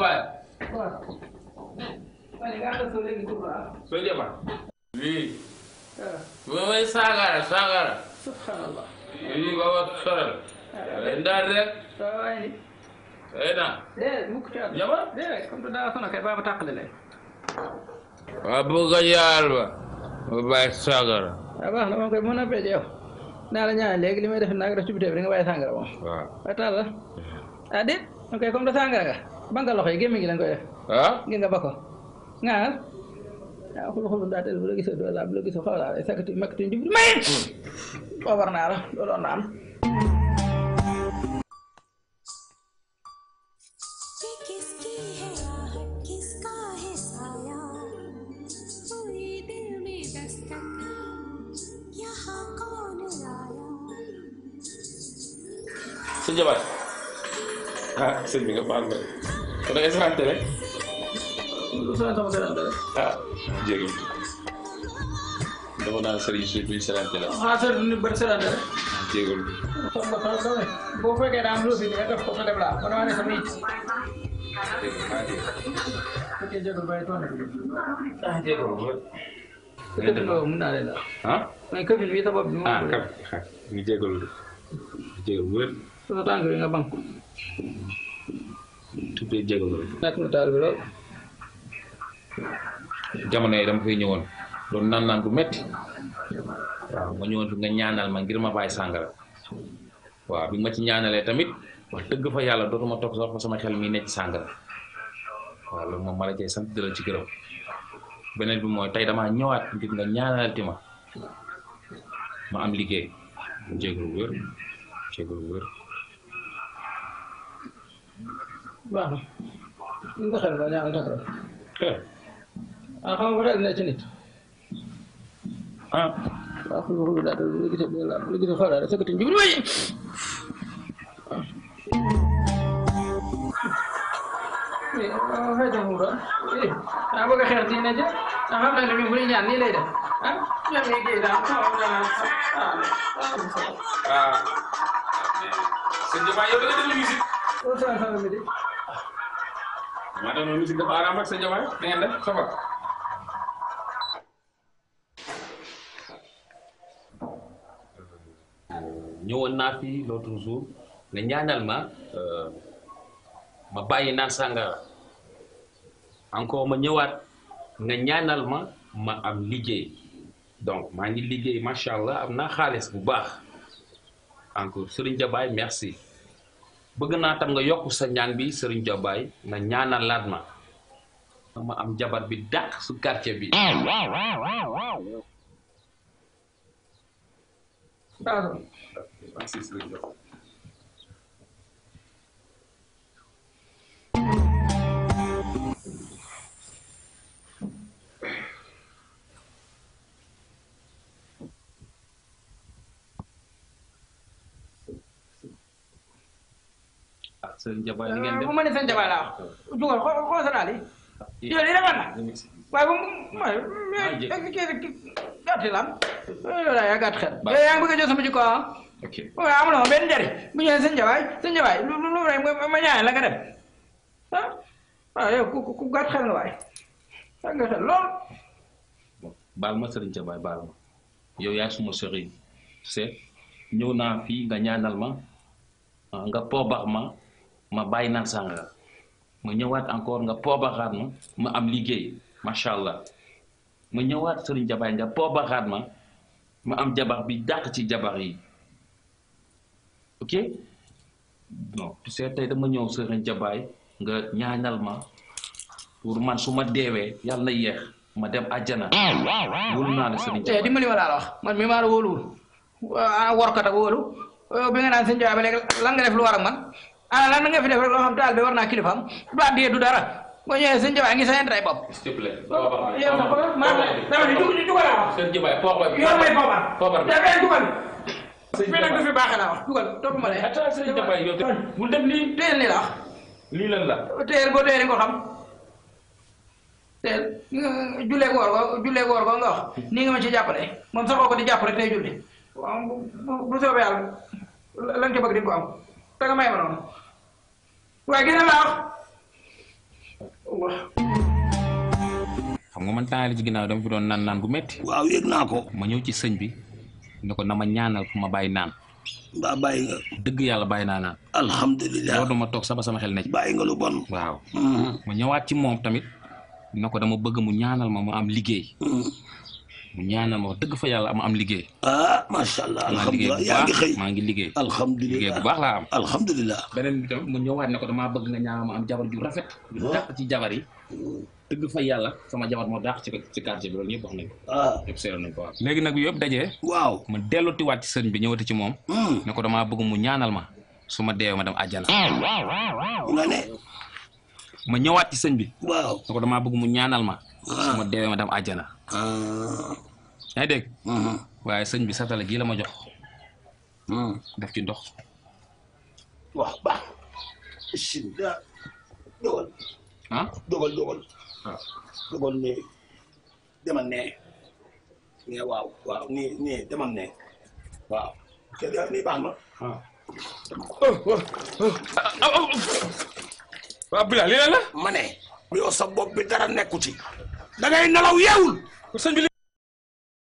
Nyumbani. Soja ba. Wi. Wai sagara sagara. Subhanallah. Wi baba saral. Endar rek. Sawai. kom to da kay baba takle le. Abu gayal ba. Baba sagara. Aba na ko mona pe deo. Na la nyaa léegi li may def naa ko def ci bitéb bi nga la. Ah dit. Ok comme da sàngara ba nga loxo yi gi lañ koy def. Ah? nga ko ah? ah, xul xul daa la gisee doo laa la gisee xaw laa lay sakkati makkati njub may boo war naa la looloo naan. sëñ Jabaat ah da ngay saraante rek. ah jéggi dafa naan sëriñ si nga def ko nga def laa man ne sama ah, la mun naa leen la. ah mais bi sa bopp bi moo. ah këf ñu bank tuddee jégalu rek. nekk na taal bi lool. yi dama fay ñëwoon doon naan naan bu metti waaw ma ñëwoon fi nga ñaanal ma ngir ma bàyyi sàngara waaw bi ma ci ñaanalee tamit wax dëgg fa yàlla dootuma toog sax fa sama xel mi nekk sàngara waaw loolu moom ma la cay sant ci gërëm beneen bi mooy tey damaa ñëwaat ngir nga ñaanalati ma ma am liggéey jégalu wër jégalu wër. baax na xel ba ñaanal taxaw xel ah xam nga xel ne ci nit ah waaw xam nga xulu daal lu gis lu gis xoolal sëkkati njublu waay waaw xëy na mu doon ah bëgg a xeex nii na ci ah xam naa ne bii bu ñu ñaan nii lay def ah ñoom ñooy géej daal ah ah ah te noonu musique dafa araam sa jabaay da ngeen def ça fi l'autre jour nga ñaanal ma euh, ma bàyyi naan sàngara encore ma ñëwaat nga ñaanal ma ma am liggéey donc maa ngi liggéey macha allah am na xaalis bu baax encore Serigne Jabaay merci bëgg naa tam nga yokk sa ñaan bi sëriñ Jobaay na ñaan laat ma am jabar bi dàq su quartier bi Serigne eh, Jabaay li ngeen def Jabaay laa jugal xool sa daal yi yow waaye bu mu ah, eh, eh, kii gàtt a jël sama yaay suma sëriñ seet ñëw naa nga ñaanal ma ah, nga poobax ma ma bàyyi naan sàngara ma ñëwaat encore nga poobaxaat ma ma am liggéey macha allah ma ñëwaat sëriñ jabaay nga poobaxaat ma ma am jabar bi dàq ci jabar yi ok non tu dama ñëw sëriñ jabaay nga ñaanal ma pour man su ma deewee yàlla na yéex ma dem àjjana. wóolu naa la sëriñ eh, jabaay dimbali ma laa wax man mi maa la wóoluwul ah, eh, bi nga naan sëriñ jabaay ba léegi lu war man. ah na nga fi def rek loo xam taal bi war naa kilifaam bu àddee du dara boo ñëwee sëñ a ngi seen ray bopp. te plaît yow na ko maa dama ni dugg dugal wax. sëñ jullee woor ko nii nga ma ci jàppale moom saxoo ko di jàppale tey julli. waaw bu soobee yàlla lan ca am. danga may ma noonu waaye xam nga man temps ci ginnaaw dama fi doon naan naan gu metti waaw yëg naa ko ma ñëw ci sëñ bi ne ko na ma ñaanal fu ma bàyyi naan mbaa bàyyi nga dëgg yàlla bàyyi naa naan alhamdulilah loolu duma toog sama sama xel nga lu bon waaw mm-hmm. ma ñëwaat ci moom tamit ne ko dama bëgg mu ñaanal ma mu am liggéey mm-hmm. mu ñaanal ma wax dëgg fa yàlla am liggéey. ah macha allah alhamdulilah maa ngi liggéey. alhamdulilah liggéey bu baax laa beneen mu ñëwaat ne ko damaa bëgg nga ñaanal ma am jabar ju rafet. Ah. ci jabar yi. Hmm. dëgg fa yàlla sama jabar moo daax ci ci quartier loolu ñëpp wax nañ ko. Ah. nag yëpp dajee. waaw ma delluwaat ci sëñ bi ñëwati ci moom. Hmm. ko damaa bëgg mu ñaanal ma su ma deewee ma dam àjjana. nga ne. ma ñëwaat ci sëñ bi. waaw ne ko damaa bëgg mu ñaanal ma Ah. su deewee ma dem àjjana ah. yaa ngi mm-hmm. waaye sëñ bi satala gii la ma jox mm. def ci wax baax sida dogal ah dogal dogal waaw ah. ne demal ne ne waaw waaw ni ni ne waaw ke ni baax na waaw Bilal lii la la ma ne yow bopp bi dara nekku ci da ngay nelaw yeewul. sëñ bi